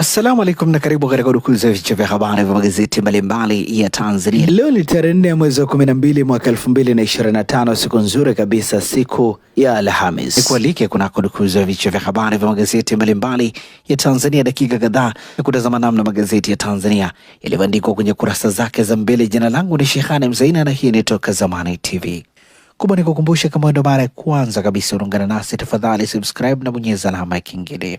Assalamu alaikum na karibu katika udukuzi ya vichwa vya habari vya magazeti mbalimbali ya Tanzania. Leo ni tarehe nne ya mwezi wa 12 mwaka 2025, siku nzuri kabisa, siku ya Alhamis. Nikualike kunako dukuzi ya vichwa vya habari vya magazeti mbalimbali ya Tanzania, dakika kadhaa ya kutazama namna magazeti ya Tanzania yalivyoandikwa kwenye kurasa zake za mbele. Jina langu ni Shehani Mzaina na hii ni Toka Zamani TV. Kubwa ni kukumbusha, kama ndo mara ya kwanza kabisa unaungana nasi, tafadhali subscribe na bonyeza alama ya kengele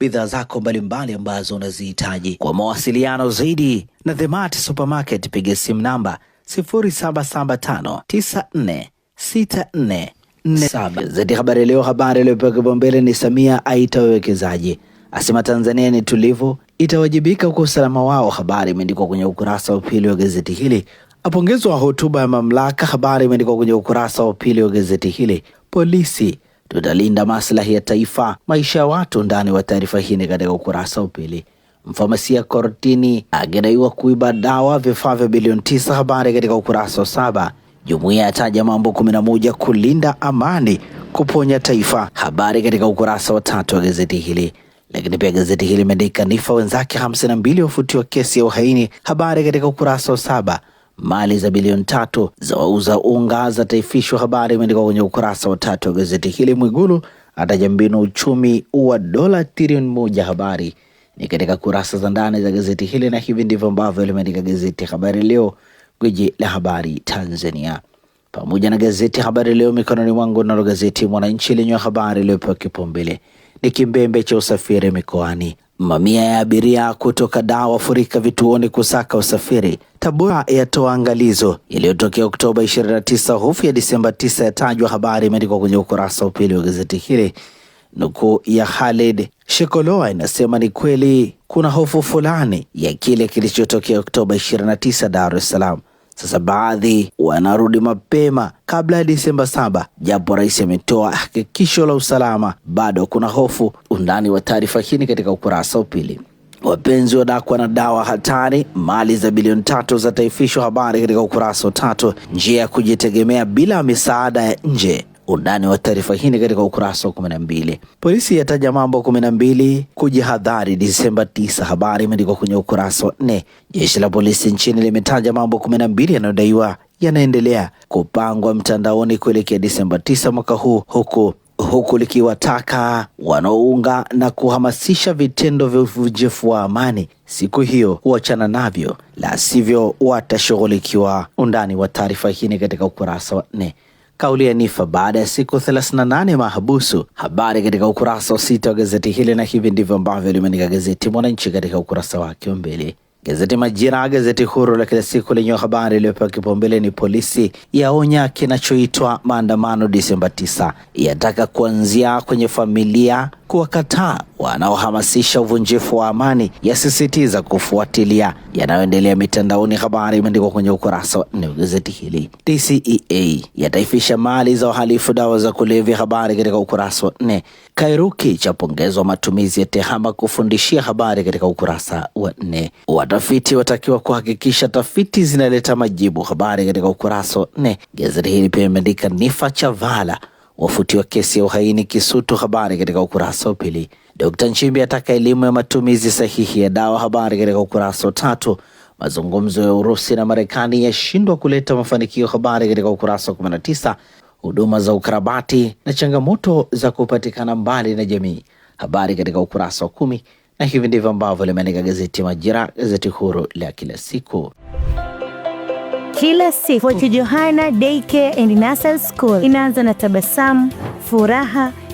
bidhaa zako mbalimbali ambazo unazihitaji. Kwa mawasiliano zaidi na Themart Supermarket, piga simu namba 0775946447. Zaidi habari leo, habari iliyopewa kipaumbele ni Samia aita wawekezaji, asema Tanzania ni tulivu, itawajibika kwa usalama wao. Habari imeandikwa kwenye ukurasa wa pili wa gazeti hili. Apongezwa hotuba ya mamlaka. Habari imeandikwa kwenye ukurasa wa pili wa gazeti hili. Polisi tutalinda maslahi ya taifa, maisha ya watu. Ndani wa taarifa hii ni katika ukurasa wa pili. Mfamasia kortini akidaiwa kuiba dawa vifaa vya bilioni tisa. Habari katika ukurasa wa saba. Jumuiya yataja mambo moja kulinda amani, kuponya taifa. Habari katika ukurasa wa tatu wa gazeti hili. Lakini pia gazeti hili limeandika nifa wenzake mbili wafutiwa kesi ya uhaini. Habari katika ukurasa wa saba mali za bilioni tatu za wauza unga zataifishwa. Habari imeandikwa kwenye ukurasa wa tatu wa gazeti hili. Mwigulu ataja mbinu uchumi wa dola trilioni moja. Habari ni katika kurasa za ndani za gazeti hili, na hivi ndivyo ambavyo limeandika gazeti Habari Leo, gwiji la habari Tanzania, pamoja na gazeti Habari Leo mikononi mwangu. Nalo gazeti Mwananchi lenye habari iliyopewa kipaumbele ni kimbembe cha usafiri mikoani Mamia ya abiria kutoka Dar wafurika vituoni kusaka usafiri. Tabora yatoa angalizo yaliyotokea Oktoba 29, hofu ya Disemba 9 yatajwa. Habari imeandikwa kwenye ukurasa wa pili wa gazeti hili. Nukuu ya Khalid Shekoloa inasema ni kweli kuna hofu fulani ya kile kilichotokea Oktoba 29 Dar es Salaam. Sasa baadhi wanarudi mapema kabla ya Disemba saba, japo rais ametoa hakikisho la usalama, bado kuna hofu. Undani wa taarifa hii ni katika ukurasa wa pili. Wapenzi wadakwa na dawa hatari, mali za bilioni tatu za taifishwa, habari katika ukurasa wa tatu. Njia ya kujitegemea bila misaada ya nje Undani wa taarifa hii ni katika ukurasa wa kumi na mbili. Polisi yataja mambo kumi na mbili kujihadhari Disemba tisa, habari imeandikwa kwenye ukurasa wa nne. Jeshi la polisi nchini limetaja mambo kumi na mbili yanayodaiwa yanaendelea kupangwa mtandaoni kuelekea Disemba tisa mwaka huu huku huku likiwataka wanaounga na kuhamasisha vitendo vya uvunjifu wa amani siku hiyo huachana navyo, la sivyo watashughulikiwa. Undani wa taarifa hii ni katika ukurasa wa nne kauli ya Nifa baada ya siku 38 mahabusu. Habari katika ukurasa wa sita wa gazeti hili, na hivi ndivyo ambavyo limeandika gazeti Mwananchi katika ukurasa wake wa mbele. Gazeti Majira, gazeti huru la kila siku lenye habari iliyopewa kipaumbele ni polisi yaonya kinachoitwa maandamano Disemba 9, yataka kuanzia kwenye familia kuwakataa wanaohamasisha uvunjifu wa amani, yasisitiza kufuatilia yanayoendelea mitandaoni. Habari imeandikwa kwenye ukurasa wa nne wa gazeti hili. TCEA yataifisha mali za wahalifu dawa za kulevya, habari katika ukurasa wa nne. Kairuki chapongezwa matumizi ya tehama kufundishia, habari katika ukurasa wa nne. Watafiti watakiwa kuhakikisha tafiti zinaleta majibu. Habari katika ukurasa wa nne. Gazeti hili pia imeandika Nifa Chavala wafutiwa kesi ya uhaini Kisutu. Habari katika ukurasa wa pili. Dkt Nchimbi ataka elimu ya matumizi sahihi ya dawa. Habari katika ukurasa wa tatu. Mazungumzo ya Urusi na Marekani yashindwa kuleta mafanikio. Habari katika ukurasa wa 19. Huduma za ukarabati na changamoto za kupatikana mbali na jamii. Habari katika ukurasa wa kumi. Na hivi ndivyo ambavyo limeandika gazeti ya Majira, gazeti huru la kila siku kila siku. Johanna Daycare and Nursery School inaanza na tabasamu, furaha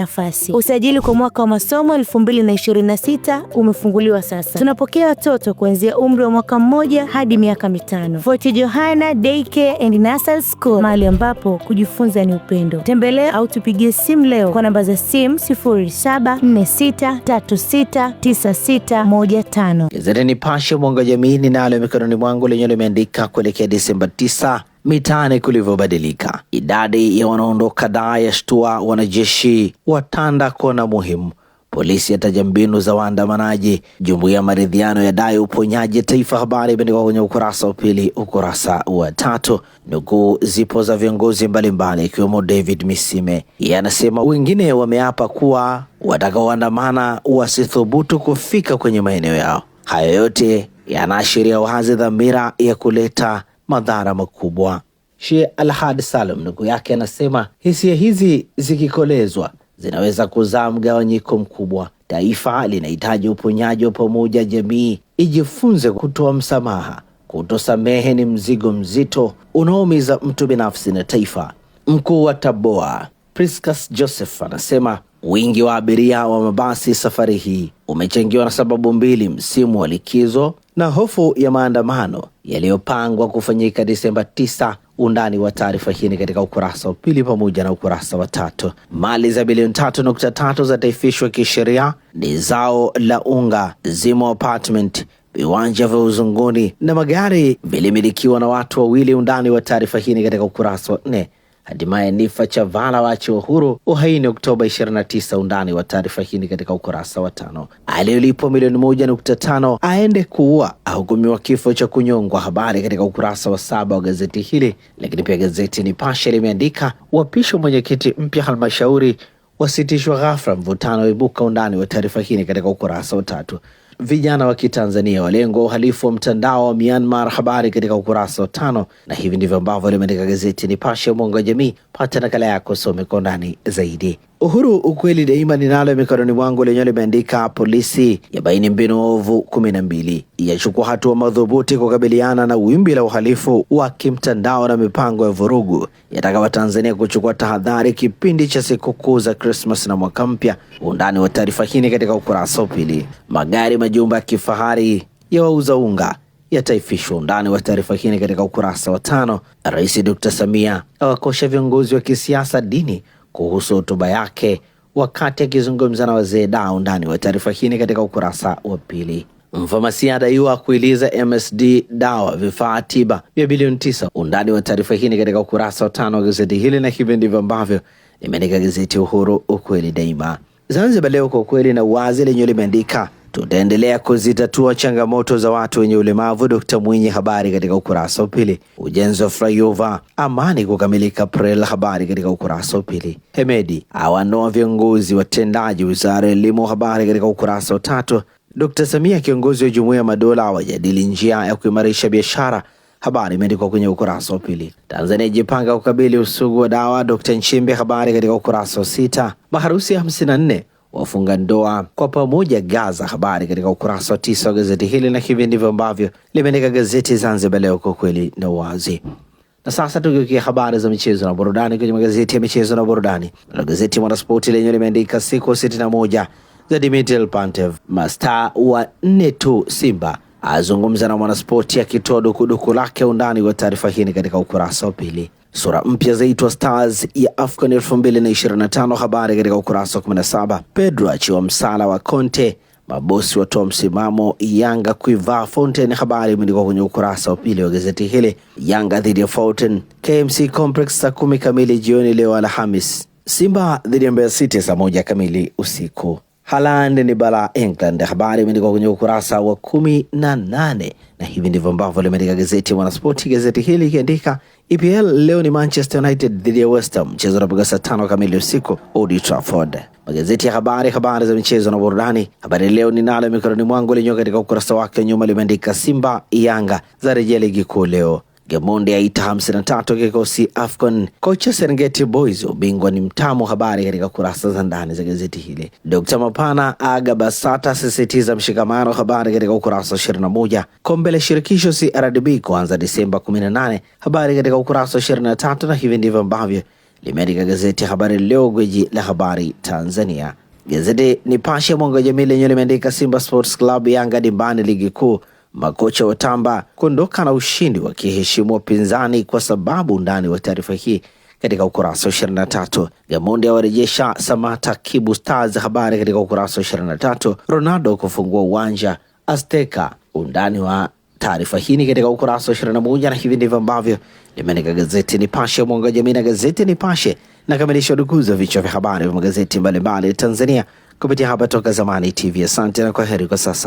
nafasi. Usajili kwa mwaka wa masomo 2026 umefunguliwa sasa. Tunapokea watoto kuanzia umri wa mwaka mmoja hadi miaka mitano. Fort Johanna Daycare and Nursery School, mahali ambapo kujifunza ni upendo. Tembelea au tupigie simu leo kwa namba za simu 0746369615. Gazeti Nipashe mwanga jamii ninalo mikononi mwangu lenyewe limeandika kuelekea Disemba 9 mitaani kulivyobadilika. Idadi ya wanaondoka daa yashtua, wanajeshi watanda kona muhimu, polisi yataja mbinu za waandamanaji, jumuiya ya maridhiano yadai uponyaji taifa. Habari imeandikwa kwenye ukurasa wa pili, ukurasa wa tatu. Nukuu zipo za viongozi mbalimbali ikiwemo David Misime, yeye anasema wengine wameapa kuwa watakaoandamana wasithubutu kufika kwenye maeneo yao. Hayo yote yanaashiria wazi dhamira ya kuleta madhara makubwa. Sheikh Alhad Salum ndugu yake anasema hisia hizi zikikolezwa zinaweza kuzaa mgawanyiko mkubwa. Taifa linahitaji uponyaji wa pamoja, jamii ijifunze kutoa msamaha. Kutosamehe ni mzigo mzito unaoumiza mtu binafsi na taifa. Mkuu wa Taboa Priscus Joseph anasema wingi wa abiria wa mabasi safari hii umechangiwa na sababu mbili: msimu wa likizo na hofu ya maandamano yaliyopangwa kufanyika Disemba 9. Undani wa taarifa hii ni katika ukurasa wa pili pamoja na ukurasa wa tatu. Mali za bilioni tatu nukta tatu zataifishwa kisheria, ni zao la unga, zimo apartment, viwanja vya uzunguni na magari vilimilikiwa na watu wawili. Undani wa taarifa hii ni katika ukurasa wa nne hatimaye Nifa Chavala wa huru uhaini Oktoba 29. Undani wa taarifa hii ni katika ukurasa wa tano. Aliyolipwa milioni moja nukta tano aende kuua ahukumiwa kifo cha kunyongwa, habari katika ukurasa wa saba wa gazeti hili. Lakini pia gazeti Nipashe limeandika uapisho mwenyekiti mpya halmashauri wasitishwa ghafla, mvutano ibuka. Undani wa taarifa hii katika ukurasa wa tatu. Vijana wa Kitanzania walengwa uhalifu wa mtandao wa Myanmar, habari katika ukurasa wa tano. Na hivi ndivyo ambavyo limeandika gazeti Nipashe ya mwanga wa jamii. Pata nakala yako, some kwa undani zaidi. Uhuru ukweli daima ninalo mikononi mwangu lenyewe limeandika polisi yabaini mbinu ovu kumi na mbili yachukua hatua madhubuti kukabiliana na wimbi la uhalifu wa kimtandao na mipango ya vurugu, yataka Watanzania kuchukua tahadhari kipindi cha sikukuu za Krismas na mwaka mpya. Undani wa taarifa hii katika ukurasa wa pili. Magari, majumba ya kifahari ya wauza unga yataifishwa. Undani wa taarifa hii katika ukurasa wa tano. Rais Dr. Samia awakosha viongozi wa kisiasa, dini kuhusu hotuba yake wakati akizungumza na wazee da. Undani wa taarifa hii ni katika ukurasa wa pili. Mfamasia adaiwa kuiliza MSD dawa vifaa tiba vya bilioni tisa. Undani wa taarifa hii ni katika ukurasa wa tano wa gazeti hili, na hivi ndivyo ambavyo limeandika gazeti Uhuru, ukweli daima. Zanzibar Leo, kwa ukweli na uwazi, lenyewe limeandika Tutaendelea kuzitatua changamoto za watu wenye ulemavu. Dkt Mwinyi, habari katika ukurasa wa pili. Ujenzi wa flyover amani kukamilika prel habari katika ukurasa wa pili. Hemedi awanoa viongozi watendaji wizara ya elimu, habari katika ukurasa wa tatu. Dkt Samia, kiongozi wa jumuiya ya madola, wajadili njia ya kuimarisha biashara, habari imeandikwa kwenye ukurasa wa pili. Tanzania ijipanga kukabili usugu wa dawa, Dkt Nchimbi, habari katika ukurasa wa sita. Maharusi nne wafunga ndoa kwa pamoja Gaza. Habari katika ukurasa wa tisa wa gazeti hili, na hivi ndivyo ambavyo limeandika gazeti Zanzibar Leo, kwa kweli na uwazi. Na sasa tukiukia habari za michezo na burudani kwenye magazeti ya michezo na burudani, na gazeti Mwanaspoti lenyewe limeandika siku sitini na moja za Dimitel Pantev, mastaa wa nne tu Simba azungumza na Mwanaspoti akitoa dukuduku lake. Undani wa taarifa hii katika ukurasa wa pili. Sura mpya zaitwa Stars ya Afcon 2025, habari katika ukurasa wa 17. Pedro achiwa msala wa Conte, mabosi watoa msimamo Yanga kuivaa Fountain. Habari imeandikwa kwenye ukurasa wa pili wa gazeti hili. Yanga dhidi ya Fountain KMC Complex saa kumi kamili jioni leo Alhamis. Simba dhidi ya Mbeya City saa moja kamili usiku haland ni bala England. Habari imeandikwa kwenye ukurasa wa kumi na nane na hivi ndivyo ambavyo limeandika gazeti ya Mwanaspoti, gazeti hili ikiandika EPL leo ni Manchester United dhidi ya West Ham, mchezo unapiga saa tano kamili usiku Old Trafford. Magazeti ya habari, habari za michezo na burudani. Habari Leo ninalo mikononi mwangu lenyewe katika ukurasa wake nyuma limeandika Simba Yanga za rejea ligi kuu leo Gamonde aita hamsini na tatu kikosi Afcon. Kocha Serengeti Boys ubingwa ni mtamu, habari katika kurasa za ndani za gazeti hili. Dkt Mapana aga BASATA sisitiza mshikamano, habari katika ukurasa wa 21 moja. Kombe la shirikisho CRDB kuanza Disemba 18 nane, habari katika ukurasa wa ishirini na tatu. Na hivi ndivyo ambavyo limeandika gazeti ya Habari Leo, gweji la habari Tanzania. Gazeti Nipashe mwanga jamii lenyewe limeandika Simba Sports Club Yanga dimbani ligi kuu Makocha watamba kuondoka na ushindi wakiheshimu wapinzani kwa sababu. Undani wa taarifa hii katika ukurasa wa 23. Gamondi awarejesha Samata Kibu Stars, habari katika ukurasa wa 23. Ronaldo kufungua uwanja Azteca, undani wa taarifa hii ni katika ukurasa wa 21, na hivi ndivyo ambavyo limeandika gazeti Nipashe mwanga jamii na gazeti Nipashe na kamilisha udukuzi wa vichwa vya habari vya magazeti mbalimbali Tanzania kupitia hapa Toka Zamani TV. Asante na heri kwa sasa.